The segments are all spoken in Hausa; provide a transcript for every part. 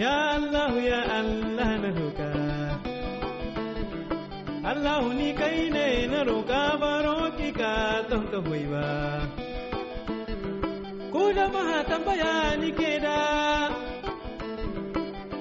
Ya Allah ya Allah na roƙa Allah ni kai ne na roƙa baro ki ka don ka hoyi ba Ku jama'a tambaya ni ke da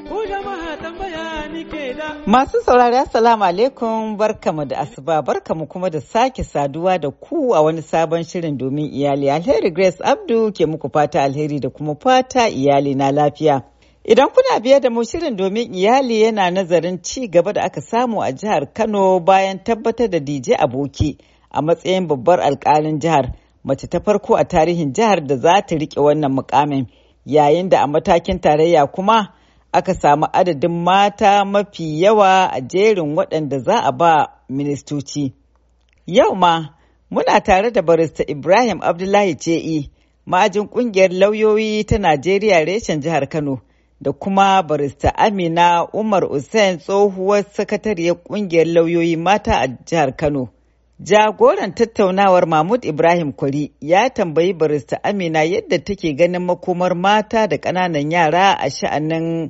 Ku jama'a tambaya ni ke da Masu saurari assalamu alaikum barkamu da asuba barkamu kuma da sake saduwa da ku a wani sabon shirin domin iyali alheri Grace Abdu ke muku fata alheri da kuma fata iyali na lafiya Idan kuna biye da mu shirin domin iyali yana nazarin ci gaba da aka samu a jihar Kano bayan tabbatar da DJ Aboki a matsayin babbar alkalin jihar mace ta farko a tarihin jihar da za ta rike wannan mukamin yayin da a matakin tarayya kuma aka samu adadin mata mafi yawa a jerin waɗanda za a ba ministoci. Yau ma muna tare da barista Ibrahim Abdullahi Ce'i ma'ajin ƙungiyar lauyoyi ta Najeriya reshen jihar Kano. da kuma barista Amina Umar Hussein tsohuwar sakatariyar kungiyar lauyoyi mata a jihar Kano. Jagoran tattaunawar Mahmud Ibrahim Kwari ya tambayi barista Amina yadda take ganin makomar mata da ƙananan yara a sha'anin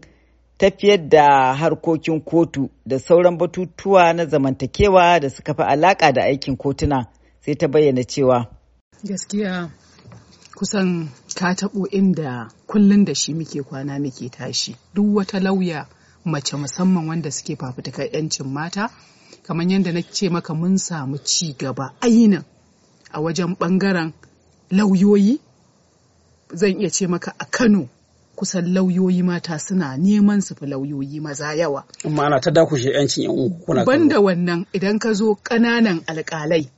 tafiyar da harkokin kotu da sauran batutuwa na zamantakewa da suka fi alaƙa da aikin kotuna sai ta bayyana cewa. Gaskiya kusan ka taɓo inda kullum da shi muke kwana muke tashi duk wata lauya mace musamman wanda suke fafutukar 'yancin mata kamar yadda na ce maka mun samu ci gaba ainin a wajen ɓangaren lauyoyi zan iya ce maka a kano kusan lauyoyi mata suna neman su fi lauyoyi maza yawa. Ma'ana ta dakushe 'yancin 'yan kuna Banda wannan idan ka zo ƙananan alƙalai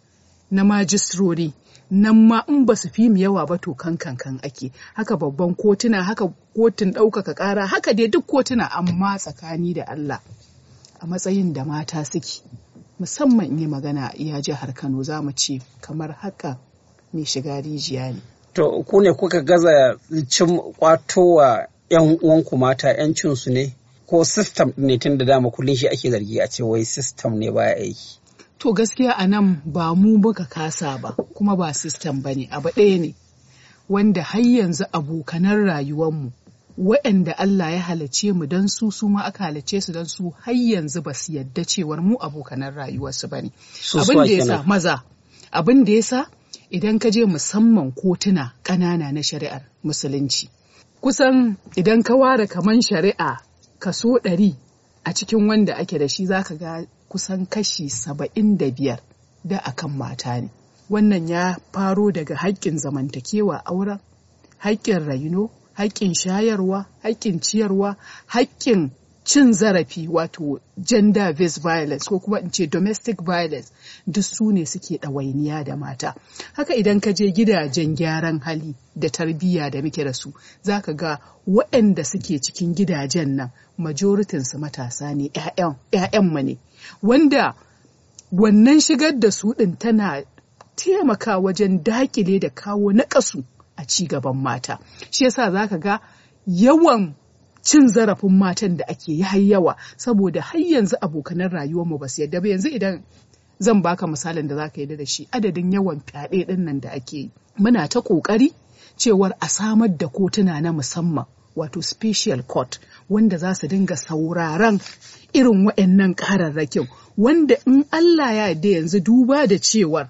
na majistrori nan ma in ba su fi mu yawa ba to kan kan ake haka babban kotuna haka kotun ɗaukaka ƙara haka dai duk kotuna amma tsakani da Allah a matsayin da mata suke musamman in yi magana iya jihar Kano za mu ce kamar haka mai shiga rijiya ne. To ku ne kuka gaza cin kwatowa 'yan uwanku mata 'yancinsu ne ko system ne tun da dama kullum shi ake zargi a ce wai system ne baya aiki. To gaskiya a nan ba mu muka kasa ba kuma ba sistem ba ne abu ɗaya ne wanda har yanzu abokanan rayuwarmu waɗanda Allah ya halace mu don su su ma aka halace su don su har yanzu ba su yadda cewar mu abokanan rayuwarsu ba ne. Abin da ya sa maza abin da ya sa idan ka je musamman kotuna ƙanana na shari'ar musulunci. Kusan idan ka ware kaman shari'a kaso ɗari a cikin wanda ake da shi zaka ga kusan kashi saba'in da biyar da akan mata ne wannan ya faro daga haƙƙin zamantakewa auren haƙƙin raino haƙƙin shayarwa haƙƙin ciyarwa haƙƙin cin zarafi wato gender based violence ko kuma in ce domestic violence duk su ne suke ɗawainiya da mata haka idan ka je gidajen gyaran hali da tarbiyya da muke da su za ka ga waɗanda suke cikin gidajen nan majoritinsu matasa ne ya'yan mu ne wanda wannan shigar da su ɗin tana taimaka wajen dakile da kawo naƙasu a ci gaban mata shi yasa za ka ga yawan cin zarafin matan da ake yi har yawa saboda har yanzu abokanan rayuwarmu ba su yadda ba yanzu idan zan baka misalin da zaka yarda da shi adadin yawan fyaɗe ɗin nan da ake yi muna ta ƙoƙari cewar a samar da kotuna na musamman wato special court wanda za su dinga sauraron irin waɗannan ƙararrakin wanda in Allah ya yarda yanzu duba da cewar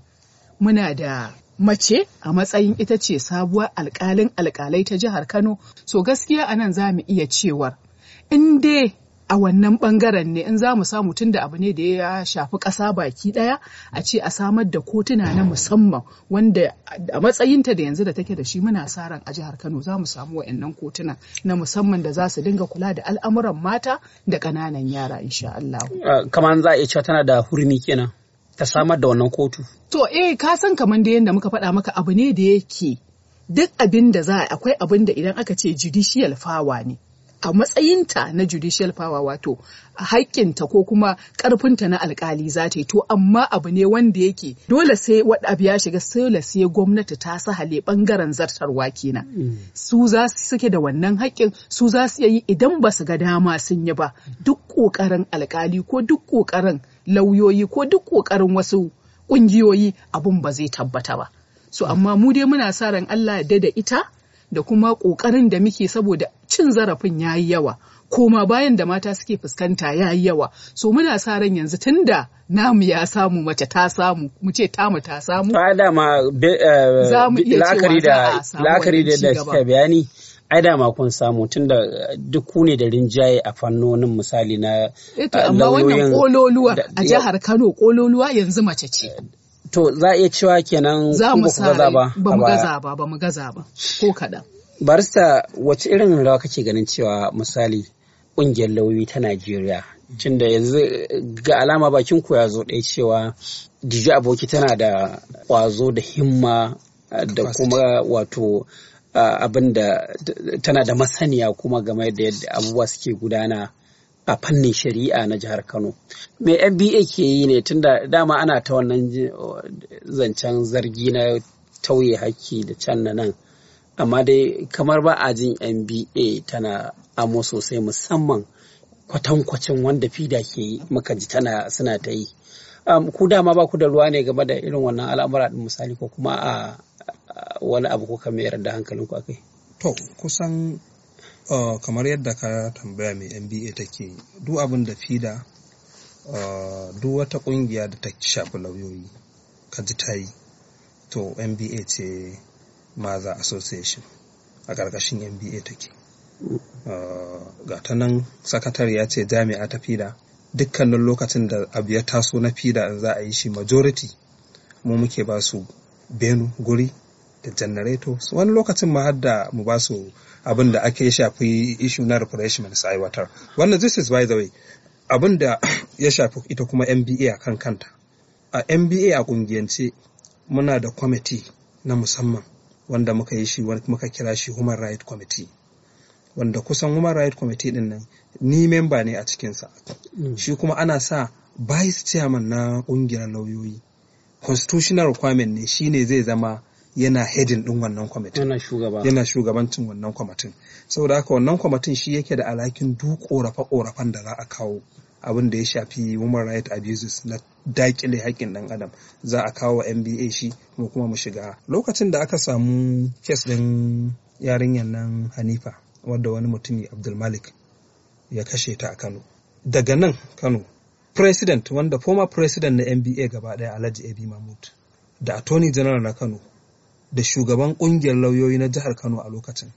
muna da mace a matsayin ita ce sabuwar alkalin alkalai ta jihar Kano. So gaskiya a nan za mu iya cewar in dai a wannan bangaren ne in za mu samu tun da abu ne da ya shafi ƙasa baki ɗaya a ce a samar da kotuna na musamman wanda a matsayinta da yanzu da take da shi muna sa ran a jihar Kano za mu samu wa'annan kotuna na musamman da za su dinga kula da al'amuran mata da ƙananan yara insha Allah. Kamar za a iya cewa tana da hurumi kenan. ta samar da wannan kotu. To eh ka san kamar da yadda muka faɗa maka abu ne da yake duk abin da za a akwai abin da idan aka ce judicial fawa ne a matsayinta na judicial power wato haƙƙinta ko kuma ƙarfinta na alkali za ta yi to amma abu ne wanda yake dole sai wadda ya shiga dole sai gwamnati ta sahale bangaren zartarwa kenan mm. su za su suke da wannan haƙƙin su za su yi idan ba su ga dama sun yi ba duk ƙoƙarin alkali ko duk ƙoƙarin lauyoyi ko duk ƙoƙarin wasu ƙungiyoyi abun ba zai tabbata ba so amma mu dai muna sa ran Allah da ita da kuma ƙoƙarin da muke saboda cin zarafin ya yi yawa koma bayan da mata suke fuskanta ya yi yawa so muna sa ran yanzu tunda namu ya samu mace ta samu mu ce tamu ta samu eh, da ma la'akari da la'akari da suka bayani ai ma kun samu tunda eh, duk ku ne da rinjaye a fannonin misali na eh amma wannan kololuwa a jihar Kano kololuwa yanzu mace ce to za a iya cewa kenan ba mu gaza ba ba mu gaza ba ko kaɗan barista wace irin rawa kake ganin cewa misali ƙungiyar lauyoyi ta najeriya tunda yanzu ga alama bakin ku ya zo ɗaya cewa dijo aboki tana da kwazo da himma eh, da kuma wato eh, abin da tana da masaniya kuma game da yadda abubuwa suke gudana a fannin shari'a na jihar Kano. Me nba ke yi ne tunda dama ana ta wannan eh, zancen zargi na tauye haƙƙi da can na nan. amma dai kamar ba a jin nba tana amo sosai musamman kwatankwacin wanda fida ke muka ji tana suna ta yi um, ku dama ba ku da ruwa ne game da irin wannan al'amura din misali ko kuma a wani abu ko kamar yarda hankalin ku akai to kusan uh, kamar yadda ka tambaya mai nba take duk abin da fida uh, duk wata kungiya da ta shafi lauyoyi ka ji ta yi to nba ce maza association a ƙarƙashin nba take ah, ga ta nan sakatare ya ce jami'a ta fida dukkanin lokacin da abu ya taso na fida za a yi shi majority mu muke ba su benu guri da janareto wani lokacin ma har da mu ba su abin da ake shafi issue na refreshment su aiwatar wannan this is by the way abin da ya shafi ita kuma NBA a kan kanta a NBA a ƙungiyance muna da kwamiti na musamman wanda muka yi shi muka kira shi human rights committee wanda kusan human rights committee din nan ni memba ne a cikinsa sa mm. shi kuma ana sa vice chairman na ƙungiyar lauyoyi constitutional requirement ne shi ne zai zama yana hedin ɗin wannan kwamitin yana shugabancin wannan kwamitin saboda haka wannan kwamitin shi yake da alhakin duk ƙorafe-ƙorafen da za a kawo abin da ya shafi human right abuses na dakile haƙƙin ɗan adam za a kawo wa nba shi mu kuma mu shiga lokacin da aka samu kes ɗin yarinyar nan hanifa wadda wani mutumi abdulmalik ya kashe ta a kano daga nan kano president wanda former president na nba gaba ɗaya alhaji abi mahmud da attorney general na kano da shugaban ƙungiyar lauyoyi na jihar kano a lokacin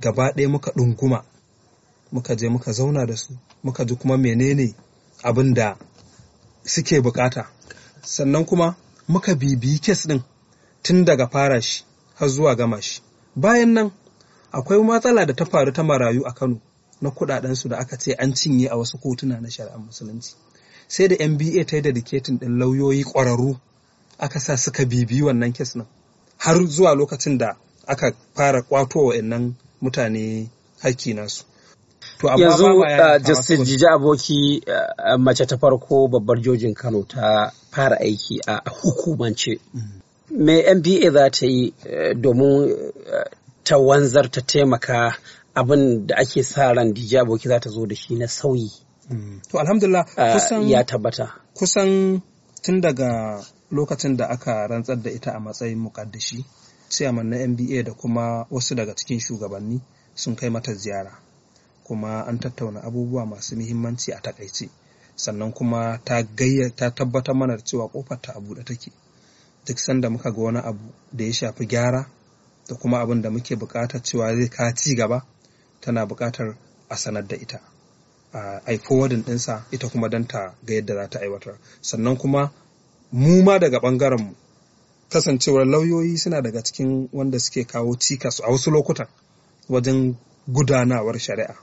gaba ɗaya muka ɗunguma muka je muka zauna da su muka ji kuma menene abin da suke bukata sannan kuma muka bibiyi kes din tun daga fara shi har zuwa gama shi bayan nan akwai matsala da ta faru ta marayu a kano na su da aka ce an cinye a wasu kotuna na shari'ar musulunci sai da nba ta yi dedicating din lauyoyi ƙwararru aka sa suka bibiyi wannan kes nan har zuwa lokacin da aka fara kwato wa mutane haƙƙi nasu yanzu uh, justin jija aboki uh, uh, mace ta farko babbar jojin kano ta fara aiki a hukumance mm. me mba za ta yi domin ta wanzar ta taimaka abin da ake sa ran Jiji aboki za ta zo da shi na sauyi mm. to alhamdulillah kusan ya tabbata kusan tun daga lokacin da aka rantsar da ita a matsayin mukaddashi sai na mba da kuma wasu daga cikin shugabanni sun kai mata ziyara kuma an tattauna abubuwa masu muhimmanci a takaice sannan kuma ta gayya ta tabbatar mana cewa kofar ta a buɗe take duk sanda muka ga wani abu da ya shafi gyara da kuma abin da muke buƙatar cewa zai ka ci gaba tana buƙatar a sanar da ita a forwardin ɗinsa ita kuma dan ta ga yadda za ta aiwatar sannan kuma mu ma daga mu, kasancewar lauyoyi suna daga cikin wanda suke kawo cikas a wasu lokutan wajen gudanawar shari'a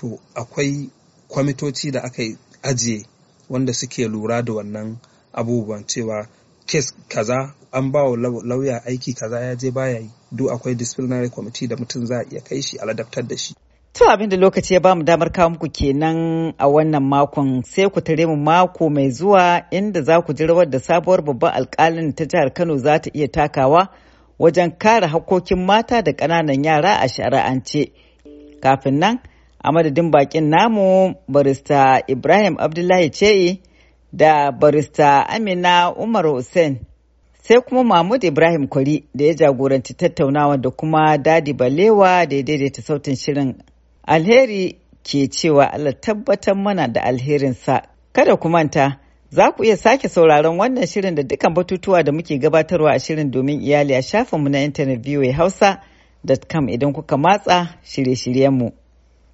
to akwai kwamitoci da aka ajiye wanda suke lura da wannan abubuwan cewa kes kaza an ba wa lauya aiki kaza ya je baya yi duk akwai disciplinary committee da mutum za a iya kai shi a ladabtar da shi To abin da lokaci ya ba mu damar kawo muku kenan a wannan makon sai ku tare mu mako mai zuwa inda za ku ji rawar da sabuwar babban alkalin ta jihar Kano za ta iya takawa wajen kare hakkokin mata da ƙananan yara a shari'ance. Kafin nan a madadin bakin namu barista ibrahim abdullahi ce da barista amina umar hussein sai kuma mahmud ibrahim kwari da ya jagoranci tattaunawa da kuma dadi balewa da ya daidaita sautin shirin alheri ke cewa allah tabbatar mana da alherinsa kada ku manta za ku iya sake sauraron wannan shirin da dukkan batutuwa da muke gabatarwa a shirin domin iyali a shafinmu na intanet hausa.com idan kuka matsa shirye-shiryenmu